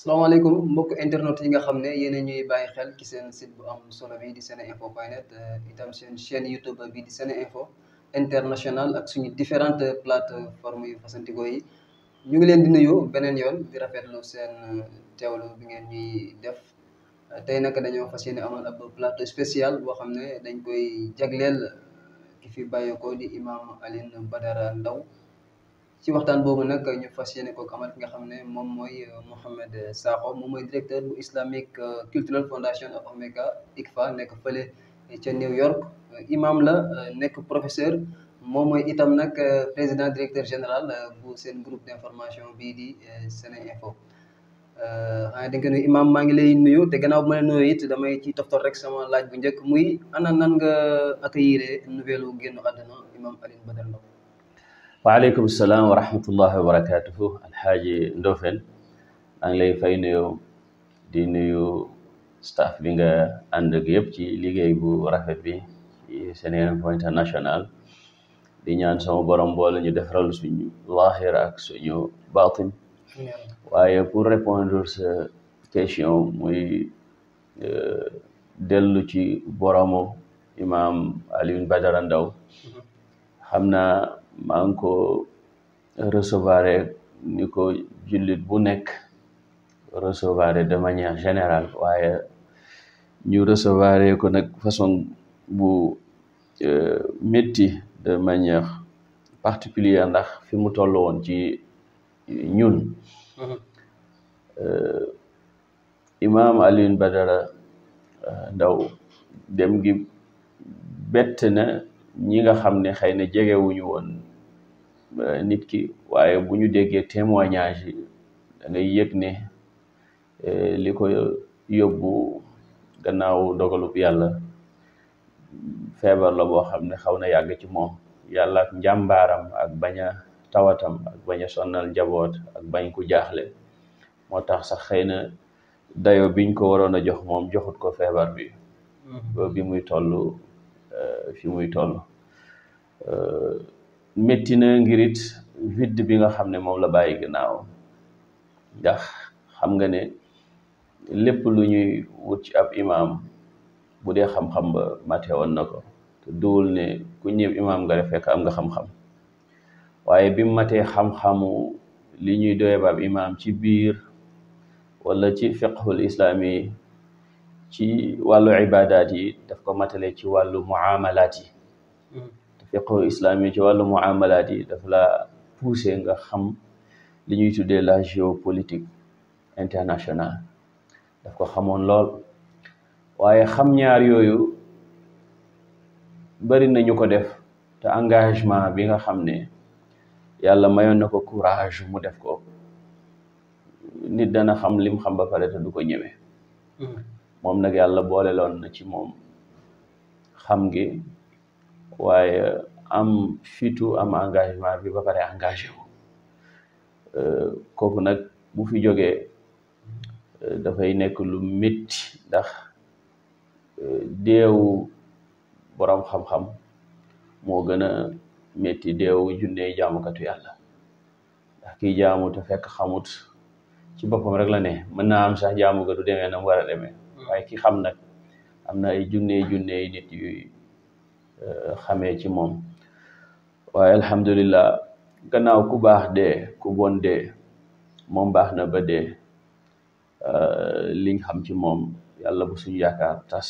salaamaaleykum mbokk internet yi nga xam ne yéen a ñuy bàyyi xel ci seen site bu am solo bi di seneinfo point net eh, itam seen chaîne YouTube bi di seneinfo international ak suñu différentes plateformes yu fasantikoo yi ñu ngi leen di nuyu beneen yoon di rafetlu seen eh, teewlu bi ngeen ñuy def tey nag dañoo fas yéene amal ab plateau spécial boo xam ne dañ koy jagleel eh, ki fi bàyyeekoo di imam Alioune Badara Ndao ci waxtaan boobu nag ñu fas yéene ko amal ki nga xam ne moom mooy euh, Mouhamed Sakho moom mooy directeur bu Islamic euh, Cultural Foundation of America ICFA nekk fële ca New York euh, imam la nekk professeur moom mooy itam nag président directeur général bu seen groupe d'information bii di Seneinfo xanaa da nga nuyu imam maa ngi lay nuyu te gannaaw bu ma la it damay ci toftal rek sama laaj bu njëkk muy ana nan nga accueillir nouvelle génn àdduna imam Alioune Badara Ndao waaleykum salaam wa rahmatullahi wa barakatuhu alxaaji Ndofène maa ngi fay nuyu di nuyu staff bi nga ànd ak yëpp ci liggéey bu rafet bi Seneinfo International di ñaan sama borom boole ñu defaral suñu laaxir ak suñu baatin waaye pour répondre sa question muy euh, dellu ci boromu imaam Alioune Badara Ndao mm-hmm. xam maa ko recevoir ni ko jullit bu nekk recevoir de manière général waaye ñu recevoir ko nag façon bu euh, métti de manière particulière ndax fi mu toll woon ci ñun mm-hmm. euh, Imam Alioune Badara euh, Ndao dem gi bett na ñi nga xam ne xëy na jegewuñu woon euh, nit ki waaye bu ñu déggee témoignage yi da ngay yëg ne euh, li ko yóbbu gannaaw dogalub yàlla feebar la boo xam ne xaw na yàgg ci moom yàlla ak njàmbaaram ak baña tawatam ak bañ sonnal njaboot ak bañ ku jaaxle moo tax sax xëy na dayo biñ ko waroon a jox moom joxut ko feebar bi mm-hmm. ba bi muy toll Euh, fi muy toll euh, metti na ngir it bi nga xam ne moom la bàyyi ginnaaw ndax xam nga ne lépp lu ñuy wut ci ab imam bu dee xam-xam mate woon na ko duwul ne ku ñëw imaam nga def fekk am nga xam-xam waaye bi mu matee xam-xamu li ñuy doye baab imaam ci biir wala ci fiqhul islaami ci wàllu ibaadaat yi daf ko matale ci wàllu muamalaat yi te hmm. fiqhu ci wàllu muamalaat yi daf la poussé nga xam li ñuy tuddee la géopolitique internationale daf ko xamoon lool waaye xam ñaar yooyu bari nañu ko def te engagement bi nga xam ne yàlla mayoon na ko courage mu def ko nit dana xam lim xam ba pare te du ko ñeme hmm. moom nag yàlla boole loon na ci moom xam gi waaye am fitu am engagement bi ba pare engagé wu euh, kooku nag bu fi jógee euh, dafay nekk lu métti ndax euh, deewu boroom xam-xam moo gën a métti deewu junne jaamukatu yàlla ndax ki jaamu te fekk xamut ci boppam rek la ne mën naa am sax jaamu ga du demee na mu war a demee waaye ki xam nag am na ay junne junne yi nit yuy euh, ci moom waaye alhamdulillah gannaaw ku baax dee ku bon dee moom baax na ba dee euh, liñ xam ci moom yàlla bu suñu yaakaar tas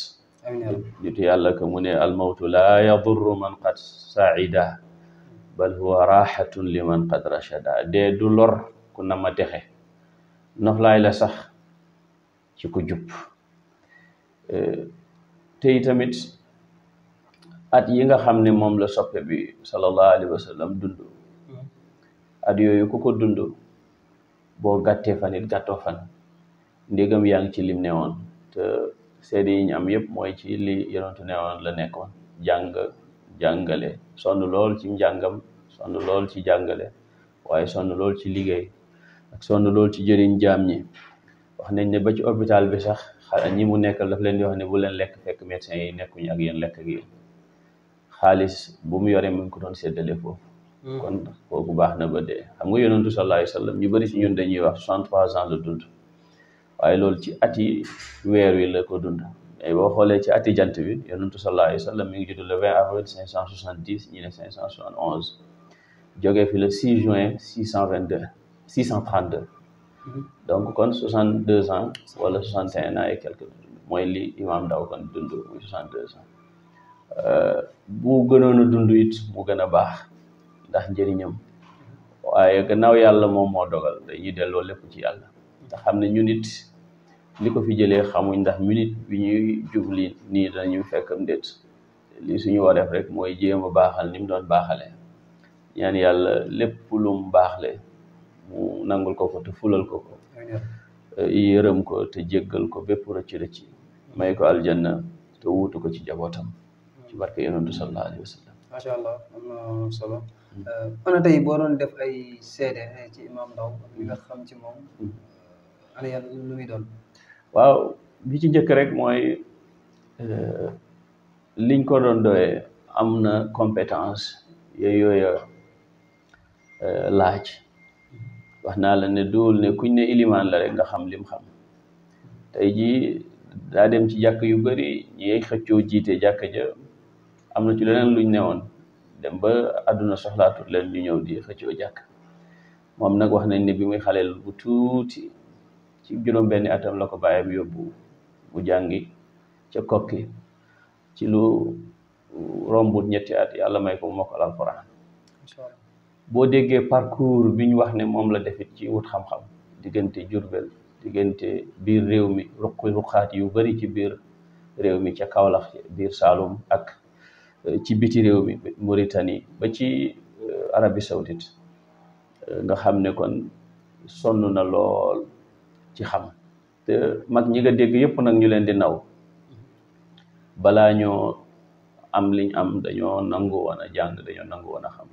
nitu yàlla que mu ne almawtu laa yadurru man qad saida bal huwa raxatun liman qad rachada dee du lor ku nama texe noflaay la sax ci ku jub te itamit at yi nga xam ne moom la soppe bi sallallahu alayhi wa sallam dund at yooyu ku ko dund boo gàttee fan it fan ndégam yaa ci lim ne woon te seede yi ñu am yëpp mooy ci li yonentu ne woon la nekkoon jàng jàngale sonn lool ci njàngam sonn lool ci jàngale waaye sonn lool ci liggéey ak sonn lool ci jëriñ jaam ñi wax nañ ne ba ci hôpital bi sax ñi mu nekkal daf leen di wax ne bu leen lekk fekk médecin yi nekkuñu ak yéen lekk ak yéen xaalis bu mu yoree mu ngi ko doon séddale foofu hmm. kon kooku baax na ba dee xam nga yonentu sallallahu alayhi wa sallam ñu bëri si ñun dañuy wax soixante trois ans la dund waaye loolu ci ati weer wi la ko dund mais boo xoolee ci ati jant bi yonentu sallallahu alayhi wa sallam mi ngi judd le vingt avril cinq cent soixante dix ñi ne cinq cent soixante onze jógee fi le six juin six cent vingt deux six cent trente Mm-hmm. donc kon soixante deux ans wala soixante et un ans et mooy li imaam daw kon dund muy soixante euh, gënoon a dund mu gën a baax ndax njëriñam waaye gannaaw yàlla moom moo dogal dañuy delloo lépp ci yàlla xam ne ñu it ni ko fi jëlee xamuñ ndax minute bi ñuy jubli nii dañuy fekkam déet li suñu wareef rek mooy jéem a baaxal ni mu doon baaxalee ñaan yàlla lépp lum baaxle mu nangul ko ko te fulal ko ko yërëm ko te jéggal ko bépp rëcc rëcc may ko aljanna te wuutu ko ci jabootam ci barke yonentu sallallahu alayhi wa sallam macha allah solo eh, ana tey boo doon def ay seede eh, ci imam Ndao li moom hmm. eh, ana yan lu muy waaw bi ci njëkk rek mooy liñ ko doon doyee am na compétence yooyu yooya laaj wax naa la ne duul ne kuñ ne ilimaan la rek nga xam lim xam tey jii daa dem ci jàkk yu bari ñiy xëccoo jiite jàkk ja am na ci leneen luñ newoon dem ba àdduna soxlaatu leen ñu ñëw di xëccoo jàkk moom nag wax nañ ne bi muy xaleel bu tuuti ci juróom benni atam la ko bàyyam yóbbu bu jàngi ca kokki ci lu rombut ñetti at yàlla may ko mu mokkal boo déggee parcours bi ñu wax ne moom la defit ci wut xam-xam diggante Jurbel diggante biir réew mi ruqi ruqaat yu bari ci biir réew mi ca kawlax biir Saalum ak euh, ci biti réew mi Mauritanie ba ci euh, arabi Saoudite euh, nga xam ne kon sonn na lool ci xam te mag ñi nga dégg yëpp nag ñu leen di naw balaa ñoo am liñ am dañoo nangu woon a jàng dañoo nangu woon a xam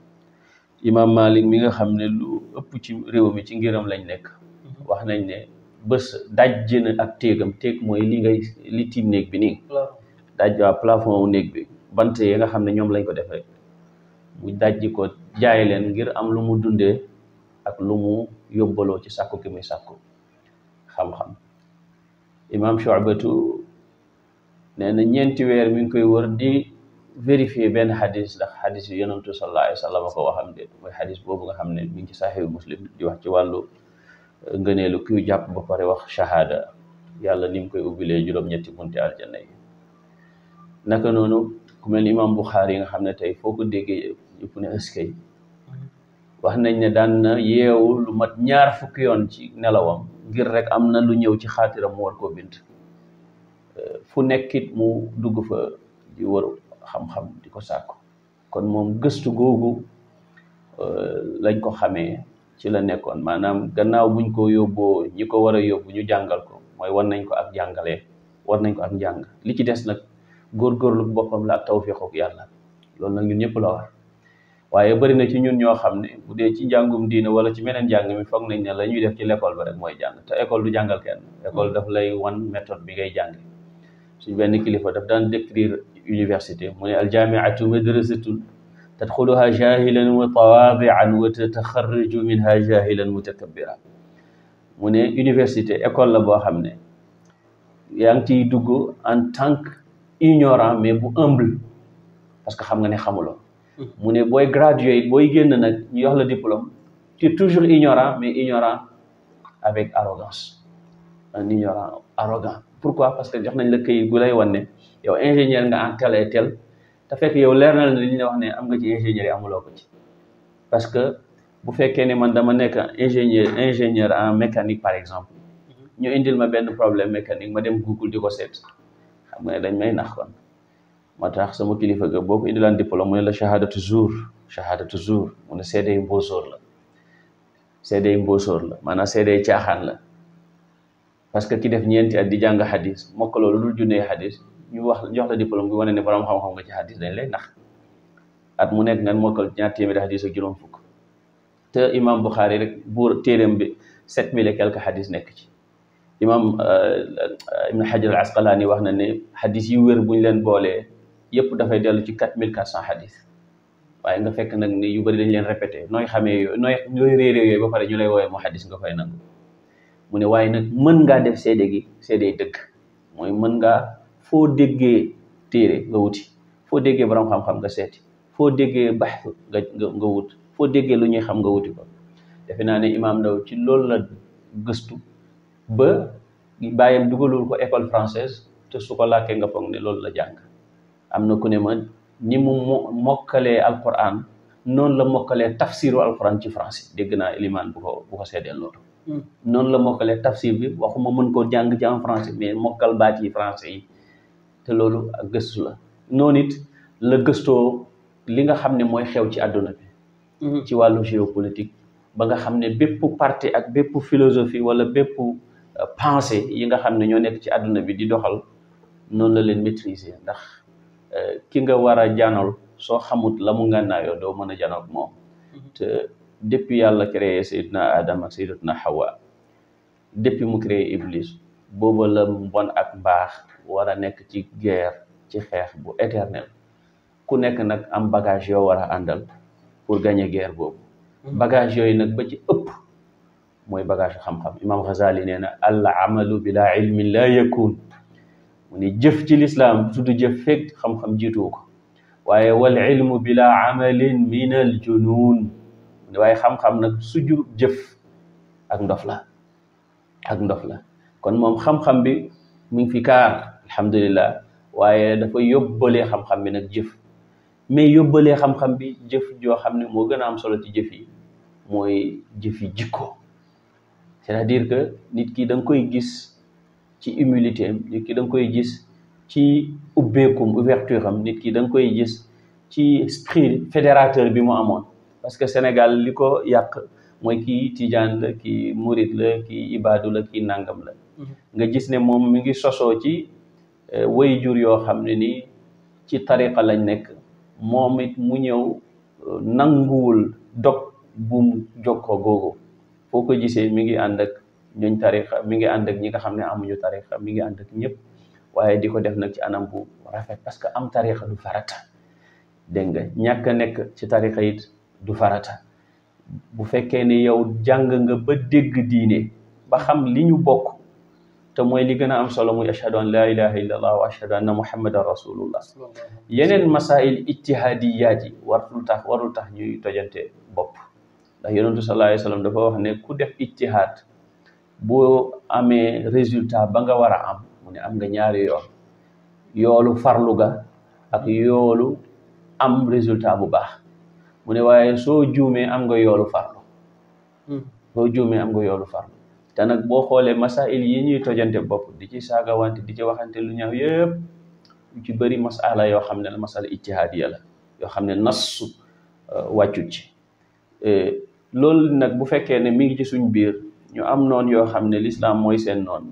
imaam Malik mi nga xam ne lu ëpp ci réew mi ci ngiram lañ nekk mhm. wax nañ ne bës dajj na ak téegam téeg mooy li ngay li tiim néeg bi nii daj waa plafond wu néeg bi bant yi nga xam ne ñoom lañ ko defee mu dajj ko jaay leen ngir am lu mu dundee ak lu mu yóbbaloo ci sàkku ki muy sàkku xam-xam imaam Shu'batu nee na ñeenti weer mi ngi koy wër di vérifier benn xadis ndax xadis yi yonantu sallallahu alayhi wa sallam ko waxam déet mooy xadis boobu nga xam ne mi ngi ci saxihu muslim di wax ci wàllu uh, ngëneelu kiy jàpp ba pare wax shahada yàlla ni mu koy ubbilee juróom-ñetti bunti aljanna naka noonu ku mel ni imam Buxaari yi nga xam ne tey foo ko déggee yëpp ne ëskay wax nañ ne daan na yeewu lu mat ñaar fukki yoon ci nelawam ngir rek am na lu ñëw ci xaatiram mu war ko bind uh, fu nekkit mu dugg fa di waru xam-xam di ko sàkku kon moom gëstu googu euh, lañ ko xamee ci la nekkoon maanaam gannaaw buñ ko yóbboo ñi ko war a yóbbu ñu jàngal ko mooy war nañ ko ak jàngale war nañ ko ak njàng li ci des nag góor góor góorgóorlu boppam la ak tawféexu ak yàlla loolu nag ñun ñëpp la war waaye bari na ci ñun ñoo xam ne bu dee ci njàngum diina wala ci meneen njàng mi foog nañ ne la ñuy def ci l'école ba rek mooy jàng te école du jàngal kenn école daf lay wan méthode bi ngay jàng suñ benn kilifa daf daan décrire université mu ne aljaamiatu madrasatun tadxuluha jahilan wa tawaadian wa tataxarraju minha jahilan mutakabira mu ne université école la boo xam ne yaa ngi ciy dugg en tant que ignorant mais bu humble parce que xam nga ne xamuloo mm-hmm. mu ne booy gradué booy génn nag ñu yox la diplôme tu es toujours ignorant mais ignorant avec arrogance pourquoi parce que jox nañ la këyit gu lay wan ne yow ingénieur nga en tel et tel te fekk yow leer na la li wax ne am nga ci ingénieur yi amuloo ko ci parce que bu fekkee ne man dama nekk ingénieur ingénieur en mécanique par exemple mhm. ñu indil ma benn problème mécanique ma dem Google di ko set xam nga ne dañ may nax kon moo tax sama kilifa ga boo ko indilaan diplôme mu ne la shahadatu jour shahadatu jour mu ne seede yi mbóosóor la seede yi mbóosóor la maanaam seede yi caaxaan la parce que ki def ñeenti at di jàng xadis mokk loolu dul junnee xadis ñu wax jox la diplôme bi wane ne borom xam-xam nga ci xadis dañ lay nax at mu nekk nga mokkal ñaar téeméeri xadis ak juróom fukk te imam Buxaari rek buur téereem bi set mille et quelque xadis nekk ci imam euh, euh, Ibn Hajar al Asqalaani wax na ne xadis yi wér buñ leen boolee yëpp dafay dellu ci quatre mille quatre cent xadis waaye nga fekk nag ni yu bëri dañ leen répété nooy xamee yooyu ba pare ñu lay woowee mu xadis nga koy mu ne waaye nag mën ngaa def seede gi seede dëkk mooy mën ngaa foo déggee téere nga wuti foo déggee borom xam-xam nga seeti foo déggee baxtu nga wut foo déggee lu ñuy xam nga wuti ko defe naa ne Imaam Ndaw ci loolu la gëstu ba bàyyam dugalul ko école française te su ko làkkee nga foog ne loolu la jàng am na ku ne ma ni mu mokkalee Alquran noonu la mokkalee tafsiru Alquran ci francais dégg naa limaan bu ko bu ko loolu noonu la mokkale tafsir bi waxuma mën koo jàng ci en français mais mokkal baat yi français yi te loolu ak gëstu la noonu it la gëstoo li nga xam ne mooy xew ci àdduna bi mm-hmm. ci wàllu géopolotique ba nga xam ne bépp parti ak bépp philosophie wala bépp euh, pensée yi nga xam ne ñoo nekk ci àdduna bi di doxal noonu la leen maîtriser ndax euh, ki nga war a janool soo xamut la mu ngànnaayoo doo mën a janoog moom mm-hmm. depuis yàlla créé sayidna adam ak sayidatna hawa depuis mu créé iblis booba la mbon ak mbaax war a nekk ci guerre ci xeex bu éternel ku nekk nag am bagage yoo war a àndal pour gagner guerre boobu mhm. bagage yooyu nag ba ci ëpp mooy bagage xam-xam imam Ghazali nee na al amalu bila ilmin la yakun mu ni jëf ci lislaam tudd jëf fekk xam-xam jiitu ko waaye wal ilmu bila amalin min al junun waaye xam-xam nag su jëf ak ndof la ak ndof la kon moom xam-xam bi mu ngi fi kaar alhamdulilah waaye dafa yóbbalee xam-xam bi nag jëf mais yóbbalee xam-xam bi jëf joo xam ne moo gën a am solo ci jëf mooy jëf yi jikko c'est-à-dire que nit ki da nga koy gis ci humilité nit ki da koy gis ci ubbeekum ouverture am nit ki da koy gis ci esprit fédérateur bi mu amoon parce que Sénégal li ko yàq mooy kii tijaan la ki murit la ki ibaadu la kii nangam la mhm. nga gis ne moom mi ngi sosoo ci euh, way jur yoo xam ne ni ci tariqa lañ nekk moom it mu ñëw euh, nanguwul dog bum jokkoo googu foo ko gisee mi ngi ànd ak ñooñ tariqa mi ngi ànd ak ñi nga xam ne amuñu tariqa mi ngi ànd ñëpp waaye di ko def nag ci anam bu rafet parce que am tariqa du farata dégg nga ñàkk a nekk ci tariqa it du farata bu fekkee ni yow jàng nga ba dégg diine ba xam li ñu bokk te mooy li gën a am solo muy ashhadu an laa ilaha illa allah wa ashhadu anna muhammadan rasulullah yeneen masail ijtihaadiyaat yi warul tax warul tax ñuy tojante bopp ndax yonentu sallallahu alayhi wa sallam dafa wax ne ku def ijtihaad boo amee résultat ba nga war a am mu ne am nga ñaari yoon yoolu farlu ga ak yoolu am résultat bu baax mu ne waaye soo juumee am nga yoolu farlu hmm. soo juumee am nga yoolu farlu te nag boo xoolee masail yi ñuy tojante bopp di ci saagawante di ci waxante lu ñaaw yëpp ci bari masala yoo xam ne la masala ijtihaadiya la yoo xam ne nassu euh, wàccut ci euh, loolu nag bu fekkee ne mi ngi ci suñ biir ñu am noon yoo xam ne lislaam mooy seen noon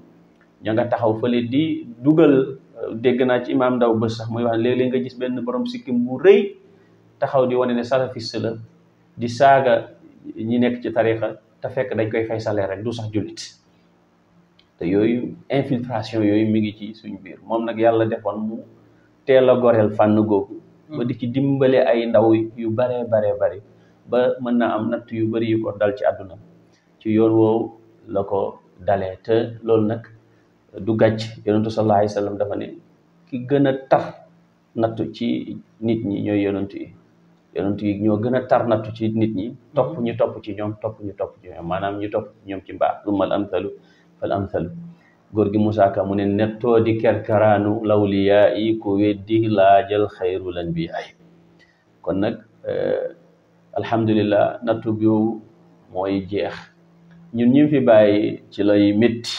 ña nga taxaw fa di dugal euh, dégg naa ci imaam ndaw bés sax muy wax léeg-léeg nga gis benn borom sikkim bu rëy taxaw di wane ne salafiste la di saaga ñi nekk ci tarixa te fekk dañ koy fay salaire rek du sax jullit te yooyu infiltration yooyu mi ngi ci suñu biir moom nag yàlla defoon mu teel a goreel fànn googu ba di ci dimbale ay ndaw yu baree baree bari ba mën na am natt yu bari yu ko dal ci àdduna ci yoon woowu la ko dalee te loolu nag du gàcc yonentu sallallahu alayhi wa dafa ne ki gën a tar nattu ci nit ñi ñooy yonentu yi yonent ñoo gën a tarnatu ci nit ñi mm-hmm. topp ñu topp ci ñoom topp ñu topp ci ñoom maanaam ñu topp ñoom ci mbaax summal amsalu fal amsalu góor gi Moussa Ka mu ne nettoo di kerkaraanu lawliyaa yi ku weddi laajal xayru lan bi ay kon nag euh, alhamdulillah nattu bi mooy jeex ñun ñu fi bàyyi ci lay métti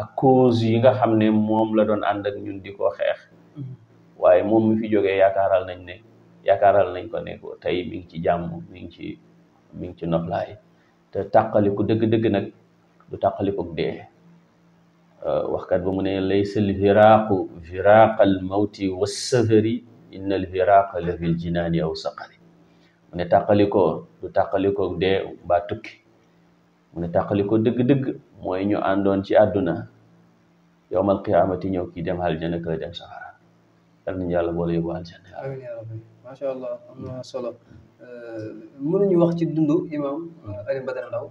ak cause yi nga xam ne moom la doon ànd ñun di ko xeex mm-hmm. waaye moom mi fi jógee yaakaaral nañ ne yaakaaral nañ ko ne ko tey mi ngi ci jàmm mi ngi ci mi ngi ci noflaay te tàqaliku dëgg-dëgg nag du tàqaliku dee euh, waxkat ba mu ne laysa alfiraaqu firaaqa almawti wassafari inna alfiraaqa la fil jinaani aw saqari mu ne tàqalikoo du tàqalikoo dee mbaa tukki mu ne tàqalikoo dëgg-dëgg mooy ñu àndoon ci àdduna yowmal qiyaamati ñëw kii dem aljana kër dem safara yal nañu yàlla boole macha allah am na solo euh, mënuñu wax ci dundu imam euh, Alioune Badara Ndao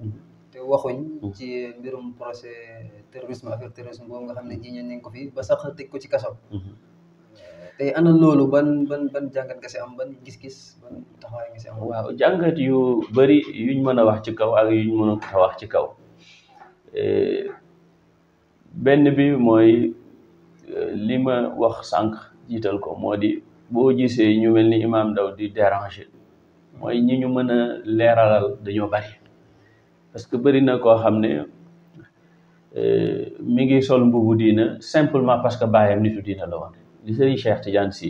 te waxuñ ci mbirum procès terrorisme affaire terrorisme boobu nga xam ne ji ñeen nañ ko fi ba sax teg ko ci kaso euh, tey ana loolu ban ban ban jàngat nga si am ban gis-gis ban taxawaay nga si am waaw jàngat yu bëri yuñ mën a wax ci kaw ak yuñ mën ka wax ci kaw benn bi mooy li ma wax sànq jiital ko moo di boo gisee ñu mel ni imaam ndaw di déranger mooy ñi ñu mën a leeralal dañoo bari parce que bëri na koo xam ne euh, mi ngi sol mbubu diina simplement parce que baayam nitu diina la woon li sëriñ Cheikh Tidiane Sy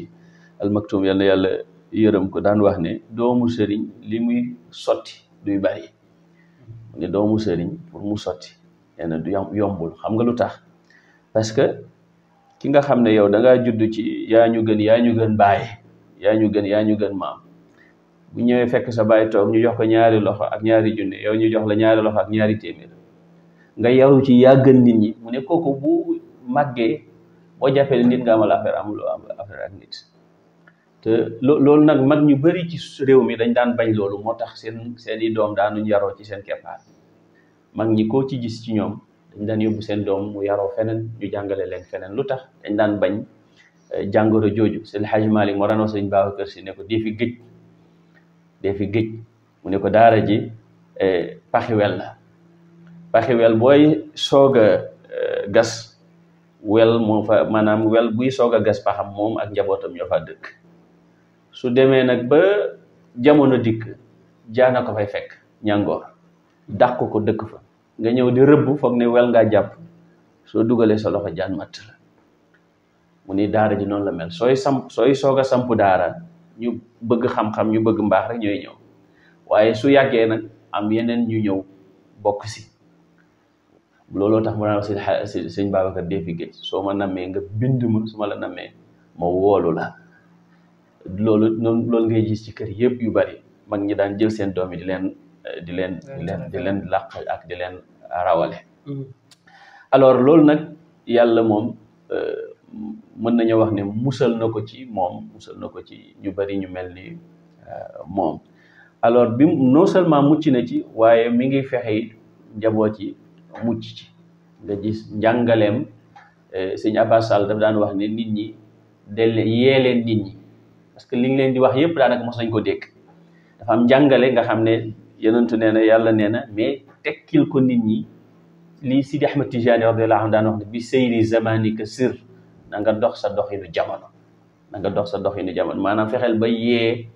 Al Maktoum yal yàlla yërëm ko daan wax ne doomu sëriñ li muy sotti duy bari ne doomu sëriñ pour mu sotti nee na du yombul xam nga lu tax parce que ki nga xam ne yow da juddu ci yaa ñu gën yaa ñu gën baay yaa ñu gën yaa ñu gën maam bu ñëwee fekk sa baay toog ñu jox ko ñaari loxo ak ñaari junne yow ñu jox la ñaari loxo ak ñaari téeméer nga yaru ci yaa gën nit ñi mu ne kooku bu màggee boo jàppee nit nga amal affaire amuloo am affaire ak nit te loolu nag mag ñu bari ci réew mi dañ daan bañ loolu moo tax seen seen i doom daanuñ yaroo ci seen keppaar mag ñi ko ci gis ci ñoom dañ daan yóbbu seen doom mu yaroo feneen ñu jàngale leen feneen lu tax dañ daan bañ eh, jàngoro jooju seen Xaj Maalik moo sëñ Babacar Si ne ko dee fi géej géej mu ne ko daara ji eh, paxiwel la paxiwel booy soog a eh, gas wel moo fa maanaam wel buy soog a gas paxam moom ak njabootam ñoo fa dëkk su demee nag ba jamono dikk jaana ko fay fekk ñàngoor dàq ko dëkk fa nga ñëw di rëbb foog ne wel nga jàpp soo dugalee sa loxo jaan matt la mu ni daara ji noonu la mel sooy samp sooy soog a samp daara ñu bëgg xam-xam ñu bëgg mbaax rek ñooy ñëw waaye su yàggee nag am yeneen ñu ñëw bokk si looloo tax mu daan sëñ sëñ Babacar Defi Guèye soo ma nammee nga bind ma suma la nammee ma woolu la loolu noonu loolu ngay gis ci kër yëpp yu bari mag ñi daan jël seen doom di leen Eh, di leen di di leen làq ak di leen rawale mm. Mm. alors loolu nag yàlla moom eh, mën nañu wax ne musal na ko ci moom musal na ko ci ñu bari ñu mel ni eh, moom alors bi non seulement mucc na ci waaye mi ngi fexe it njaboot yi mucc ci nga gis njàngaleem sëñ Abbas Sall daf daan wax ne nit ñi del yee leen nit ñi parce que li ñu leen di wax yëpp daanaka mos nañ ko dégg dafa am njàngale nga xam ne yenentu nee na yàlla nee na mais tekkil ko nit ñi li lii Sidi Ahmed Tijani radiyallahu anhu daan wax ne bi seyri zamanika sir na nga dox sa doxinu jamono na nga dox sa doxinu jamono maanaam fexeel ba yee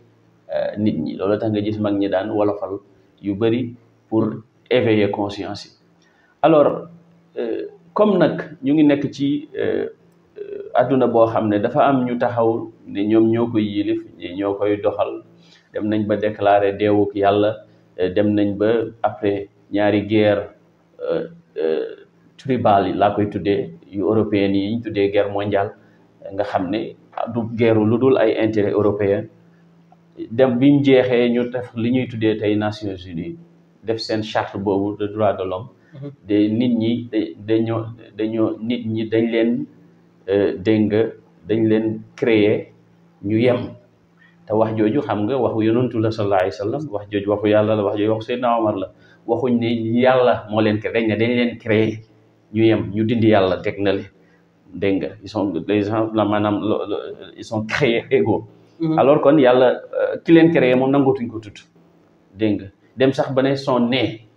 euh, nit ñi loolu tax nga gis mag ñi daan wolofal yu bëri pour éveiller conscience yi alors euh, comme nag ñu ngi nekk ci euh, adduna boo xam ne dafa am ñu taxaw ne ñoom ñoo koy yilif ñi ñoo koy doxal dem nañ ba déclarer deewuk yàlla Euh, dem nañ ba après ñaari guerre euh, euh, tribal yi laa koy tuddee yu européenne yi ñu tuddee guerre mondiale nga xam ne du guerre lu dul ay intérêt européen dem biñ jeexee ñu def li ñuy tuddee tey Nations Unies def seen charte boobu de droit de l'homme mhm. de nit ñi dañoo dañoo nit ñi dañ leen dégg dañ leen créer ñu yem te wax jooju xam nga waxu yonantu la sallallahu alayhi wa wax jooju waxu yàlla la wax jooju waxu Seydina Omar la waxuñ ne yàlla moo leen dañ ne dañ leen créé ñu yem ñu dindi yàlla teg na le dégg nga ils sont les la maanaam ils sont créés égaux mm-hmm. alors kon yàlla euh, ki leen créer moom na nangootuñ ko tudd dégg nga dem sax ba ne sont nés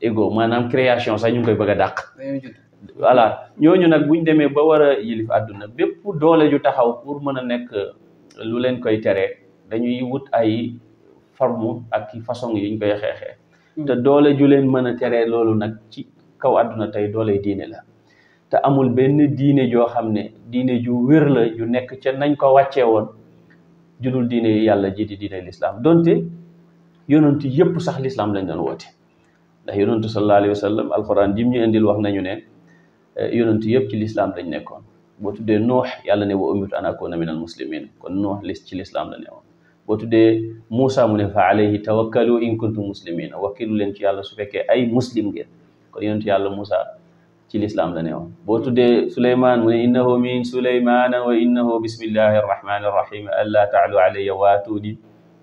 égaux maanaam création sax ñu ngi koy bëgg a dàq voilà ñooñu nag buñ demee ba war a yilif àdduna bépp doole ju taxaw pour mën a nekk lu leen koy teree dañuy wut ay forme ak façon yuñ koy xeexee hmm. te doole ju leen mën a teree loolu nag ci kaw adduna tey doole diine la te amul benn diine joo xam ne diine ju wér la ju nekk ca nañ ko wàccee woon judul diine yi yàlla ji di diine lislaam donte yonent yëpp sax lislaam lañ doon woote ndax yonentu sallallahu alayhi wa sallam alquran jim ñu indil wax nañu ne eh, yonentu yëpp ci lislaam lañ nekkoon boo tuddee nuux yàlla ne wa umirtu an akuna minal muslimin kon nuux ci lislaam la boo tuddee Moussa mu ne fa alayhi tawakkalu in kuntum muslimina wakkilu leen ci yàlla su fekkee ay muslim ngeen kon yonentu yàlla Moussa ci lislaam la ne woon boo tuddee Suleymaan mu ne innahu min Suleymaana wa innahu bismillahi arrahmani arrahim allaa taalu alayya waatuni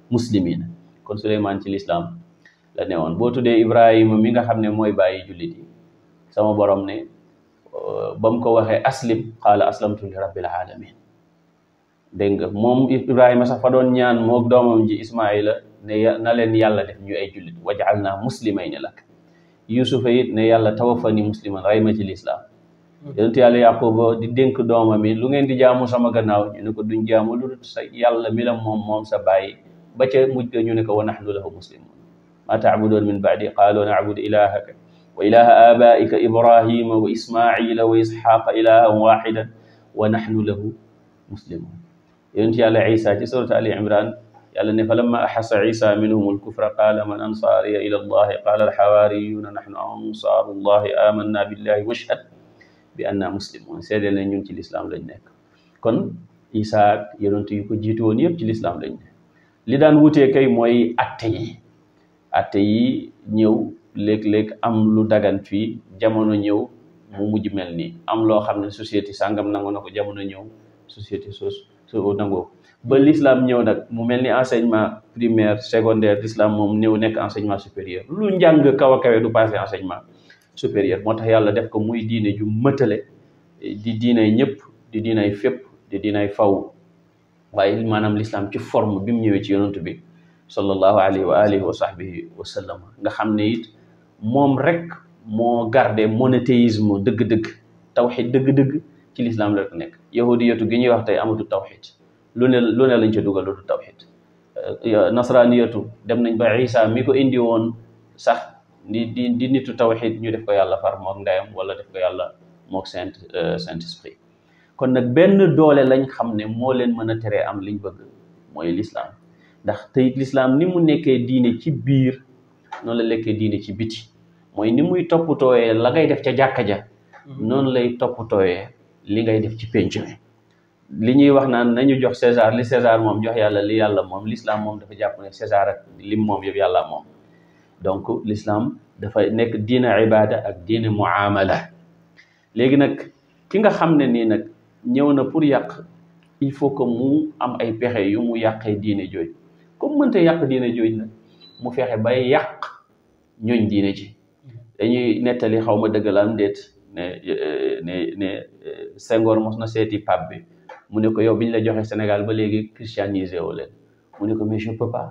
muslimina kon Suleymaan ci lislaam la ne woon boo tuddee Ibrahima mi nga xam ne mooy bàyyi jullit yi sama borom ne ba ko waxee aslim qaala aslamtu li rabbil alamin dégg nga moom Ibrahima sax fa doon ñaan moog doomam ji Ismaayila ne leen yàlla def ñu ay jullit wajaal naa muslimayni lak Yuusufa it ne yàlla tawafani musliman ray ma ci lislaam hmm. yonent yàlla di dénk doomam yi lu ngeen di jaamu sama gannaaw ñu ne ko duñ jaamu lu dul sa yàlla mi la moom moom sa bàyyi ba ca mujj ga ñu ne ko wa nahnu lahu muslimun ma taabudoon min baadi qaalu naabudu ilahaka wa ilaha abaika ibrahima wa ismaila wa ilahan waxidan wa lahu muslimun yonent yàlla isa ci surat ali imran yàlla ne fa lamma axasa isa minhum alkufra qaala man ansaariya ila allahi qaala alxawaariyuuna nahnu ansaaru allahi amanna billahi washhad bi anna muslimun seede ne ñun ci lislaam lañ nekk kon isa yonent yu ko jiitu woon yëpp ci lislaam lañ nekk li daan wutee kay mooy atte yi atte yi ñëw léeg-léeg am lu dagan fii jamono ñëw mu mujj mel nii am loo xam ne société sàngam nangu na ko jamono ñëw société soos su nangoo ba l'islam ñëw nag mu mel ni enseignement primaire secondaire l'islam moom ñëw nekk enseignement supérieur lu njàng kaw a kawe du passé enseignement supérieur moo tax yàlla def ko muy diine ju mëtale di diinay ñëpp di diinay fépp di diinay faw waaye maanaam l'islam ci forme bi mu ñëwee ci yonent bi sallallahu alayhi wa alihi wa sahbihi wa nga xam ne it moom rek moo garde monothéisme dëgg-dëgg tawxid dëgg-dëgg ci lislaam la nekk yahudiyatu gi ñuy wax tey amatul tawxid lu ne lu ne lañ ca dugal lu du tawxid euh, dem nañ ba isa mi ko indi woon sax di di di nitu ñu def ko yàlla far mook ndeyam wala def ko yàlla mook saint euh, saint esprit kon nag benn doole lañ xam ne moo leen mën a teree am liñ bëgg mooy lislaam ndax teyit lislaam ni mu nekkee diine ci biir noonu la lekkee diine ci biti mooy ni muy toppatooyee la ngay def ca jàkka ja mm-hmm. noonu lay toppatooyee li ngay def ci pénc mi li ñuy wax naan nañu jox César li César moom jox yàlla li yàlla moom l'islam moom dafa jàpp ne lim moom yëpp yàlla moom donc l'islam dafa nekk diine ibada ak diine muamala léegi nag ki nga xam ne nii nag ñëw na pour yàq il faut que mu am ay pexe yu mu yàqee diine jooju comme mënta yàq diine jooju nag mu fexe bay yàq ñooñ diine ji dañuy nettali xaw ma dëggalaan déet E, ne ne e, mos na seeti pape bi mu ne ko yow bi ñu la joxe Sénégal ba léegi christianisé wu mu ne ko mais je peux pas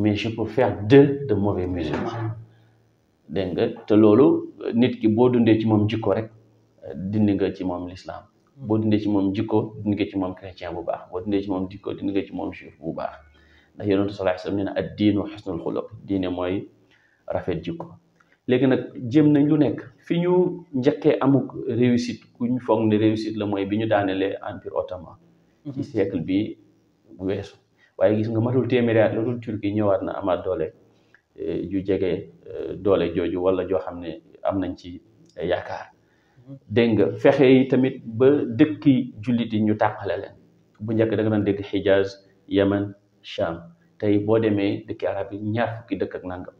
mais de peux faire de mauvais musulmans dégg te loolu nit ki boo dundee ci moom jikko rek dindi nga ci moom l'islam boo dundee ci moom jikko dindi nga ci moom chrétien bu baax boo dundee ci moom jikko dindi nga ci moom juif bu baax ndax yonentu sallallahu alayhi wasallam nee na ad diinu xusnul xuluq diine mooy rafet jikko léegi nag jëm nañ lu nekk fi ñu njëkkee amuk réussite ku ñu foog ne réussite la mooy bi ñu daanelee empire ottoman mhm. ci siècle bi bu weesu waaye gis nga matul téeméeri at loolu Turquie ñëwaat na amaat doole eh, ju jege eh, doole jooju wala joo xam ne am nañ ci yaakaar mhm. dégg nga fexe yi tamit ba dëkki jullit yi ñu tàqale bu njëkk da nga daan dégg Hijaz Yemen Cham tey boo demee dëkki arab yi ñaar fukki dëkk ak nangam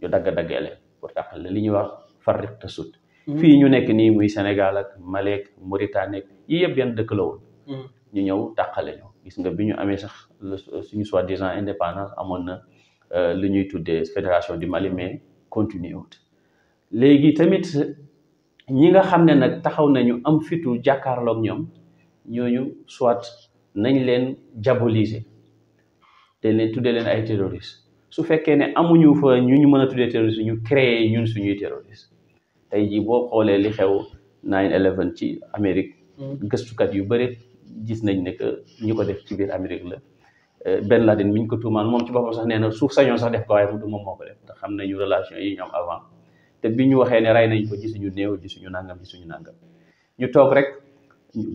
ñu dagg daggee pour tàqal la li ñuy wax farriq te sut mm. fii ñu nekk nii muy Sénégal ak Mali ak Mauritanie yii yëpp benn dëkk la woon mm. ñu ñëw tàqale ñu gis nga bi ñu amee sax suñu soi-disant indépendance amoon na euh, li ñuy tuddee fédération di Mali mais continue wut léegi tamit ñi nga xam ne nag taxaw nañu am fitu jàkkaarlook ñoom ñooñu soit nañ leen diaboliser te leen tuddee leen ay terroristes su fekkee ne amuñu fa ñu ñu mën a tuddee terroriste ñu créer ñun suñuy terroriste tey jii boo xoolee li xew 9/11 ci amerique mm. gëstukat yu bëri gis nañ ne que ñi ko def ci biir Amérique la. Euh, ben Laden mi ñu ko tuumaan moom ci boppam sax nee na suuf sañoon sax def ko waaye du moom moo ko def ndax xam nañu relation yi ñoom avant te bi ñu waxee ne rey nañ ko ci suñu néew ci suñu nàngam suñu nangam ñu toog rek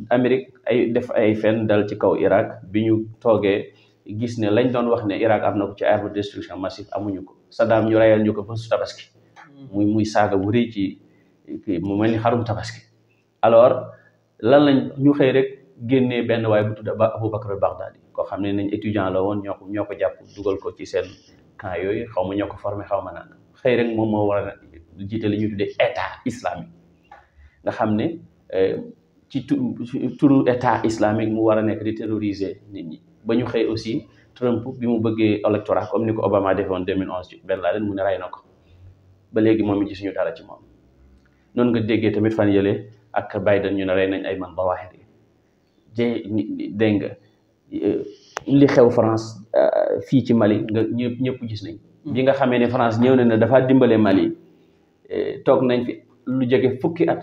Amérique ay def ay fenn dal ci kaw Irak bi ñu toogee. gis ne lañ doon wax ne Irak am na ko ci arme de destruction massive amuñu ko sa Saddam ñu rayal ñu ko ba su tabaski muy muy saaga bu rëy ci mu mel ni xarum tabaski alors lan lañ ñu xëy rek génne benn waaye bu tudda ba Aboubacar al-Baghdadi koo xam ne nañ étudiant la woon ñoo ko ñoo ko jàpp dugal ko ci seen camp yooyu xaw ma ñoo ko formé xaw ma naan xëy rek moom moo war a jiite li ñuy tuddee état xam ne euh, ci turu état islamique mu war a nekk di terroriser nit ñi ba ñu xëy aussi Trump bi mu bëggee électorat comme ni ko Obama defee woon 2011 ci Ben Laden mu ne rey na ko ba léegi moom it ci suñu dara ci moom noonu nga déggee tamit fan yële ak Biden ñu ne rey nañ ay man ba waaxit yi jee dégg nga euh, li xew France euh, fii ci Mali nga ñëpp ñëpp gis nañ bi nga xamee ne France ñëw na ne dafa dimbale Mali euh, toog nañ fi lu jege fukki at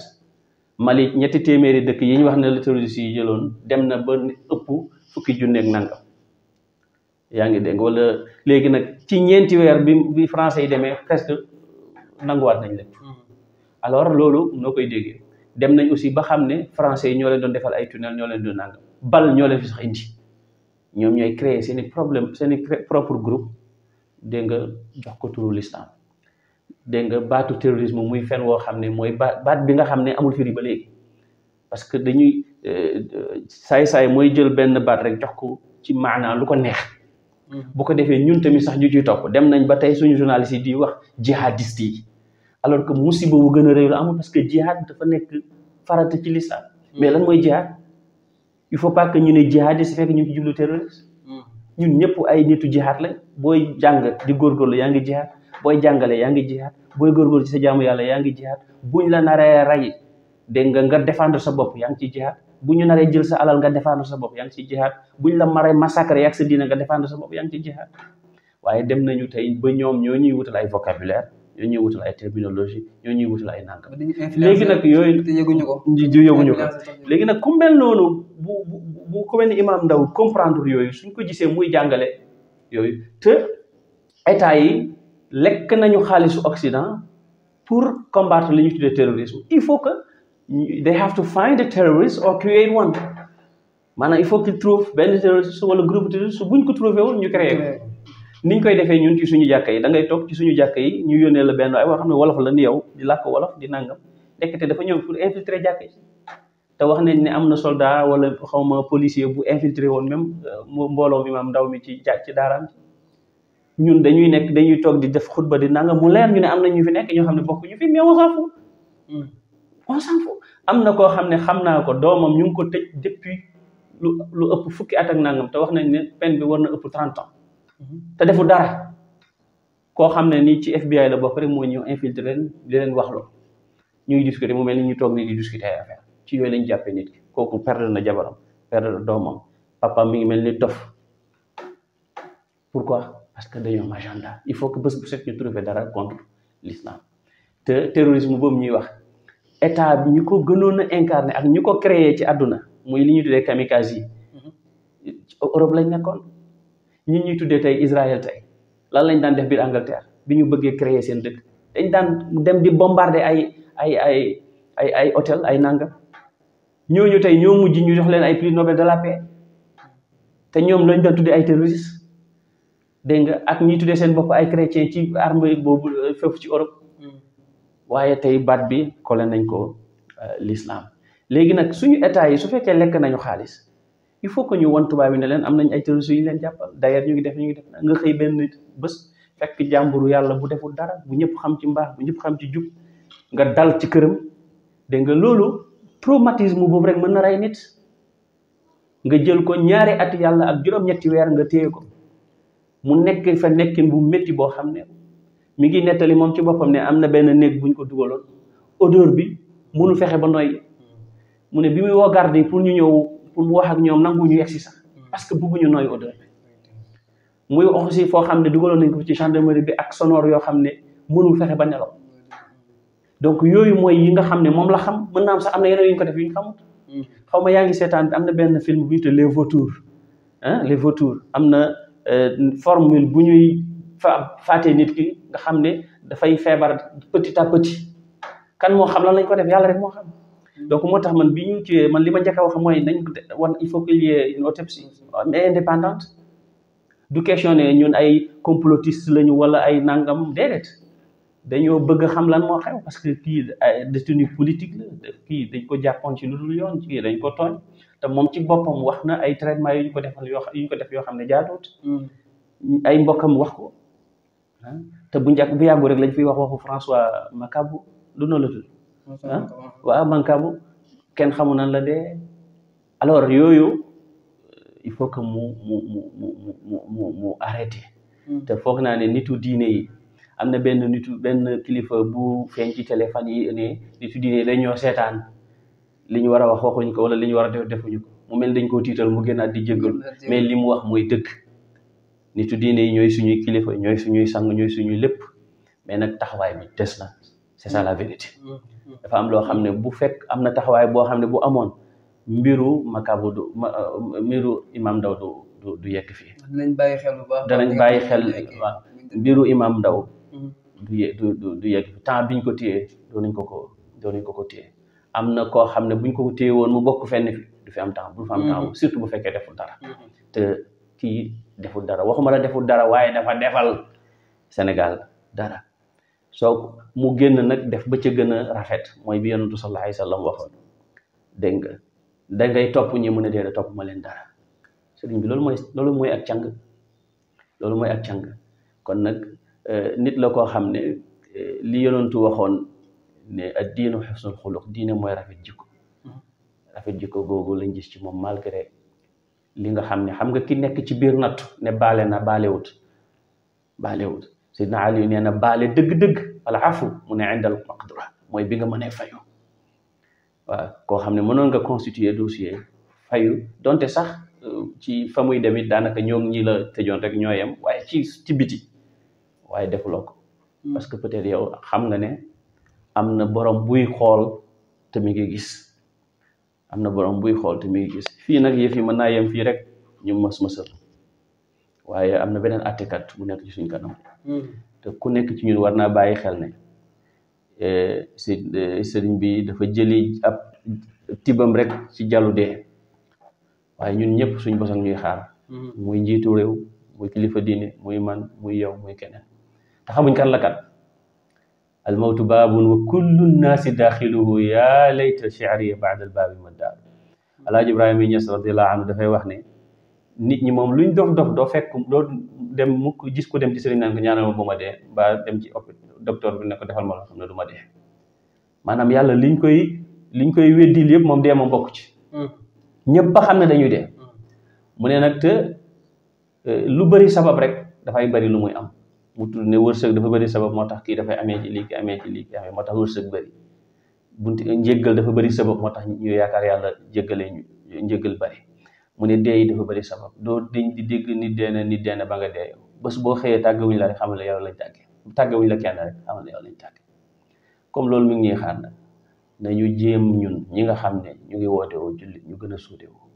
Mali ñetti téeméeri dëkk yi ñu wax ne la terroriste yi jëloon dem na ba ëpp fukki junneeg nangam yaa ngi dégg walla léegi nag ci ñeenti weer bi bi français yi demee presque nanguwaat nañ leen hmm. alors loolu noo koy déggee dem nañ aussi ba xam ne français yi ñoo leen doon defal ay tunnel ñoo leen doon nangam bal ñoo leen fi sax indi ñoom ñooy créer seen i problème seen i propre groupe dégg nga jox ko turu l'islam dégg nga baatu terrorisme muy fen woo xam ne mooy baat bi nga xam ne amul firi ba léegi parce que dañuy saay-saay euh, euh, mooy jël benn baat rek jox ko ci maanaam lu ko neex mm-hmm. bu ko defee ñun tamit sax ñu ji topp dem nañ ba tey suñu journaliste yi di wax jihadiste yi alors que musiba bu gën a rëy la amul parce que jihad dafa nekk farata ci l'islam mm-hmm. mais lañ mooy jihad il faut que ñu ne jihadiste fekk ñu ngi ci jublu terroriste ñun ñëpp ay nitu jihaat lañ booy jàng di góorgóorlu yaa ngi jihaat booy jàngale yaa ngi jihaat booy góor ci sa jaamu yàlla yaa ngi jihaat buñ la naree ray dégg nga nga défendre sa bopp yaa ngi ci jihaat bu ñu naree jël sa alal nga défendre sa bopp yaa ngi ci jihaat buñ la maree massacre ak sa diina nga défendre sa bopp yaa ngi ci jihaat waaye dem nañu tey ba ñoom ñoo ñuy wutal ay vocabulaire ñoo ñuy wutal ay terminologie ñoo ñuy wutal ay nànk léegi nag yooyu yëguñu ko yëguñu ko léegi nag ku mel noonu bu bu ku mel ni Imam Ndao comprendre yooyu suñ ko jisee muy jàngale yooyu te état yi lekk nañu xaalisu Occident pour combattre li ñu tuddee terrorisme il faut que they have to find a terrorist or create one maanaam il faut qu'ils trouvent benn terroriste wala groupe terroriste buñ ko trouvé wul ñu créé niñ koy defee ñun ci suñu jàkka yi da ngay toog ci suñu jàkka yi ñu yónnee la benn ay boo xam ne wolof la ni yow di làkk wolof di nàngam nekkte dafa ñëw pour infiltrer jàkka te wax nañ ne am na soldat wala xaw ma policier bu infiltrer woon même euh, mbooloo mi maam ndaw mi ci ja ci daaraam ñun dañuy nekk dañuy toog di def xutba di nangam mu leer ñu ne am na ñu fi nekk ñoo xam ne bokk ñu fi mais on s'en hmm. am na koo xam ne xam naa ko doomam ñu ko tëj depuis lu ëpp fukki at ak nangam te wax nañ ne peine bi war na ëpp 30 te defu dara koo xam ne ni ci FBI la bokk rek moo ñëw infiltré leen di leen wax loolu ñuy discuter mu mel ni ñu toog nii di discuter ay ci yooyu lañ jàppee nit kooku perdre na jabaram perdre na doomam papa mi ngi mel ni tof pourquoi parce que dañoo agenda il faut que bés bu set ñu trouver dara contre l'islam te terrorisme boobu ñuy wax état bi ñu ko gënoon na incarné ak ñu ko créé ci àdduna muy li ñu tuddee kamikaze yi mm-hmm. Europe lañ nekkoon ñi ñuy tuddee tey Israël tey lan lañ daan def biir Angleterre bi ñu bëggee créer seen dëkk dañ daan dem di bombarder ay ay ay ay ay hôtel ay nangam ñooñu tey ñoo mujj ñu jox leen ay prix Nobel de la paix te ñoom lañ daan tuddee ay terroristes dégg nga ak ñi tuddee seen bopp ay chrétiens ci armée boobu euh, foofu ci Europe hmm. waaye tey baat bi kole nañ ko euh, l'islam léegi nag suñu état yi su fekkee lekk nañu xaalis il faut que ñu won tubaab yi ne leen am nañ ay terroristes yu leen jàppal d'ailleurs ñu ngi def ñu nga xëy benn bés fekk jàmburu yàlla bu deful dara bu ñëpp xam ci mbaax bu ñëpp xam ci jub nga dal ci këram dégg nga loolu traumatisme boobu rek mën na rey nit nga jël ko ñaari at yàlla ak juróom-ñetti weer nga téye ko mu nekk fa nekkin bu métti boo xam ne mu ngi nettali moom ci boppam ne am na benn néeg buñ ko dugaloon odeur bi mënu fexe ba noyyi mu ne bi muy woo pour mu wax ak ñoom nanguñu yegsi sax parce que bëgguñu nooy odeur bi muy wax aussi foo xam ne dugaloon nañ ko ci gendarmerie bi ak sonore yoo xam ne mënul fexe ba nelaw donc yooyu mooy yi nga xam ne moom la xam mën naa am sax am na yeneen yu ñu ko def yu ñu xamut xaw ma yaa ngi seetaan am na benn film bu les vautours ah les vautours am na euh, formule bu ñuy fa faatee nit ki nga xam ne dafay feebara petit à kan moo xam lan lañ ko def yàlla rek moo xam donc moo tax man bi ñu kiiwee man li ma njëkk a wax mooy nañ wan il faut qu'il y ait une autopsie mm-hmm. mais indépendante du question ne ñun ay complotiste lañu wala ay nangam déedéet dañoo bëgg xam lan moo xew parce que kii détenu politique la kii dañ ko jàppoon ci lu dul yoon kii dañ ko tooñ te moom ci boppam wax na ay traitement yu ñu ko defal yoo yu ñu ko def yoo xam ne jaaduwut mm-hmm. ay mbokkam wax ko ah. te bu njëkk bu yàggu rek lañ fiy wax waxu François Makabu du noonu la tudd ah waaw mankaabu kenn xamu nan la dee alors yooyu il faut que mu mu mu mu mu mu mu hmm. te foog naa ne nitu diine yi am na benn nitu benn kilifa bu feeñ ci téléphone yi ne nitu diine yi dañoo seetaan li ñu war a wax waxuñ ko wala li ñu war a def defuñu ko mu mel dañ koo tiital mu gënaat di jéggalu mais li mu wax mooy dëkk nitu diine yi ñooy suñuy kilifa ñooy suñuy sang ñooy suñuy lépp mais nag taxawaay bi des na c'est ça la vérité hmm. dafa am loo xam ne bu fekk am na taxawaay bo xam ne bu amoon mbiru makabu du ma euh, mbiru imam ndaw du du du yegg fii. bàyyi xel bu baax xel waaw mbiru imam ndaw. Mm-hmm. du du du du yegg temps biñ ko téye doo nañ ko ko doo ko ko am na koo xam ne buñ ko téye woon mu bokk fenn fi du fi am temps bu fa am temps mm-hmm. surtout bu fekkee deful dara. Mm-hmm. te kii deful dara waxuma la deful dara waaye dafa defal Sénégal dara. soo mu génn nag def ba ca gën a rafet mooy bi yonentu sallallahu alayhi wasallam waxoon dégg nga dangay topp ñi mu ne dee topp ma leen dara sëriñ bi loolu mooy loolu mooy ak càng loolu mooy ak càng kon nag euh, nit la koo xam ne euh, li yonentu waxoon ne ad diinu xusnul xuluq diine mooy rafet jikko rafet jikko googu lañ gis ci moom malgré li nga xam ne xam nga ki nekk ci biir nattu ne baale na baalewut baalewut sidna Ali nee na baale dëgg-dëgg alafu mu ne indal maqdura mooy bi nga mënee fayu waaw koo xam ne mënoon nga constituer dossier fayu donte sax euh, ci fa muy demit daanaka ñoo ñi la tëjoon rek ñoo yem waaye ci ci waaye defuloo ko hmm. parce que peut-être yow xam nga ne am na borom buy xool te mi gis am na borom buy xool te mi gis fii nag yëf yi mën naa yem fii rek ñu mës mësal waaye am na beneen àttekat bu nekk ci suñ kanam hmm. te ku nekk ci ñun war naa bàyyi xel ne e, si e, sëriñ bi dafa jëli ab tibam rek ci jàllu dee waaye ñun ñëpp suñ bosan ñuy xaar mm-hmm. muy njiitu réew muy kilifa diine muy man muy yow muy keneen te xamuñ kan la kat al mawtu baabun wa kullu nnaasi daaxiluhu yaa layta shi'riya ba'da al baabi maddaar alaaj ibrahima yi ñes radiallahu dafay wax ne nit ñi moom luñ dof dof doo fekk doo dem mukk gis ko dem ci sëriñ naan ko ñaanal ma bu ma dee ba dem ci doctor bi ne ko defal ma xam ne du dee maanaam yàlla liñ koy liñ koy weddil yëpp moom dee ma bokk ci hmm. ñëpp xam ne dañuy dee hmm. mu ne nag te eh, lu bëri sabab rek dafay bari lu muy am mu tudd ne wërsëg dafa bari sabab moo tax kii dafay amee ci lii ki amee ci lii ki amee moo tax wërsëg bëri bunti njéggal dafa bari sabab moo tax ñu yaakaar yàlla jéggalee ñu njéggal bëri mu ne dee yi dafa bëri sabab doo dañ di dégg nit dee na nit dee na ba nga dee bés boo xëyee tàggawuñ la rek xamal la yaw lañ tàggee tàggawuñ la kenn rek xamal la yow lañ tàggee comme loolu mi ngi ñuy xaar nag nañu jéem ñun ñi nga xam ne ñu ngi woote woo jullit ñu gën a suute woo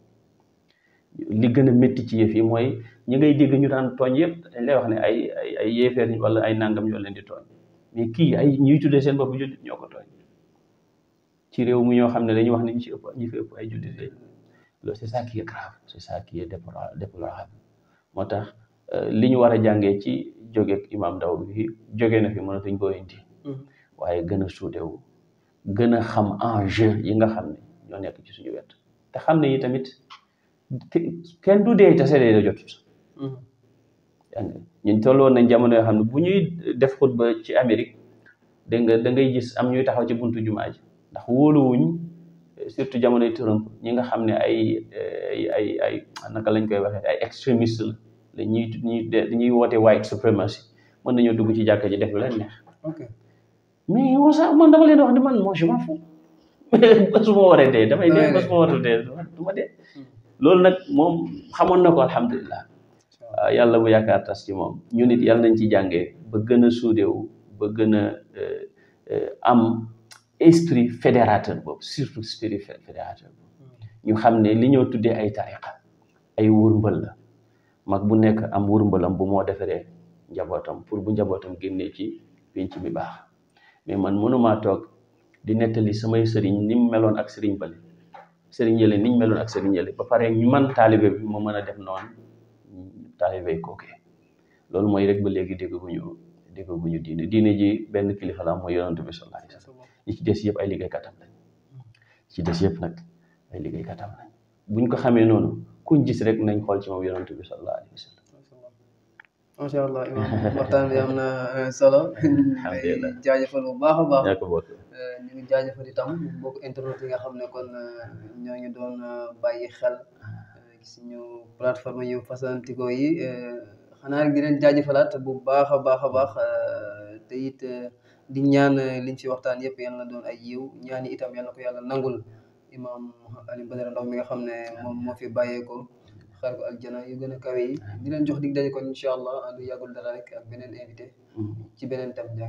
li gën a métti ci yëf yi mooy ñi ngay dégg ñu daan tooñ yëpp dañ lay wax ne ay ay ay wala ay nangam ñoo leen di tooñ mais kii ay ñuy tuddee seen bopp jullit ñoo ko tooñ ci réew mi ñoo xam ne dañuy wax ne ñu ci ëpp ñi fi ëpp ay jullit lañ c'est ça qui est grave c'est ça qui est déplorable moo tax euh, li ñu war a jànge ci jóge imam daw bi jóge na fi mënatuñ koo indi mm-hmm. waaye gën a suudewu gën a xam enjeu yi nga xam ne ñoo nekk ci suñu wet te xam ne yi tamit kenn du dee te seede da jotut mm-hmm. ñun tolloon nañ jamono yoo xam ne bu ñuy def ba ci Amérique dégg nga da ngay gis am ñuy taxaw ci buntu jumaa ji ndax wóoluwuñ surtout jamonoy Trump ñi nga xam ne ay ay ay naka lañ koy waxee ay extrémiste la la ñuy ñuy dañuy woote white supremacy mën nañoo dugg ci jàkk ji def lu leen neex. ok mais on sa man dama leen wax ne man moi je m'en fous bés bu ma waree dee damay dee bés bu ma watul dee du ma dee. loolu nag moom xamoon na ko alhamdulilah yàlla bu yaakaar tas ci moom ñu nit yàlla nañ ci jàngee ba gën a suudewu ba gën a euh, euh, am esprit fédérateur boobu surtout esprit fédérateur hmm. ñu xam ne li ñoo tuddee ay tariqa ay wurmbal la mag bu nekk am wurmbalam bu moo deferee njabootam pour bu njabootam génnee ci penc mi baax mais man mënumaa toog di nettali samay sëriñ ni mu meloon ak sëriñ bali sëriñ yële ni ñu meloon ak sëriñ yële ba pare ñu man taalibe bi moo mën a def noonu taalibe kookee loolu mooy rek ba léegi dégg bu ñu dégg ñu diine diine ji benn kilifa la mooy yonent bi sallallahu alayhi yi des yëpp ay liggéeykatam lañ ci des yëpp nag ay liggéeykatam lañ buñ ko xamee noonu ku gis rek nañ xool ci moom yonent bi sallallahu na eh, solo jaajëfal bu baax a baax eh, ñu ngi jaajëfal itam nga xam ne kon eh, ñoo ngi doon bàyyi xel suñu plateforme yu fasantikoo yi xanaa rek di leen jaajëfalaat bu baax a baax a baax te di ñaan eh, liñ fi waxtaan yëpp yal na doon ay yiw ñaani itam yal na ko yàlla nangul imam Alioune Badara Ndao mi nga xam ne moom moo fi bàyyeekoo xar ko aljana yu gën a kawe yi di leen jox dig daje kon incha allah àndu yàggul dara rek ak beneen invité mm-hmm. ci beneen tam jaa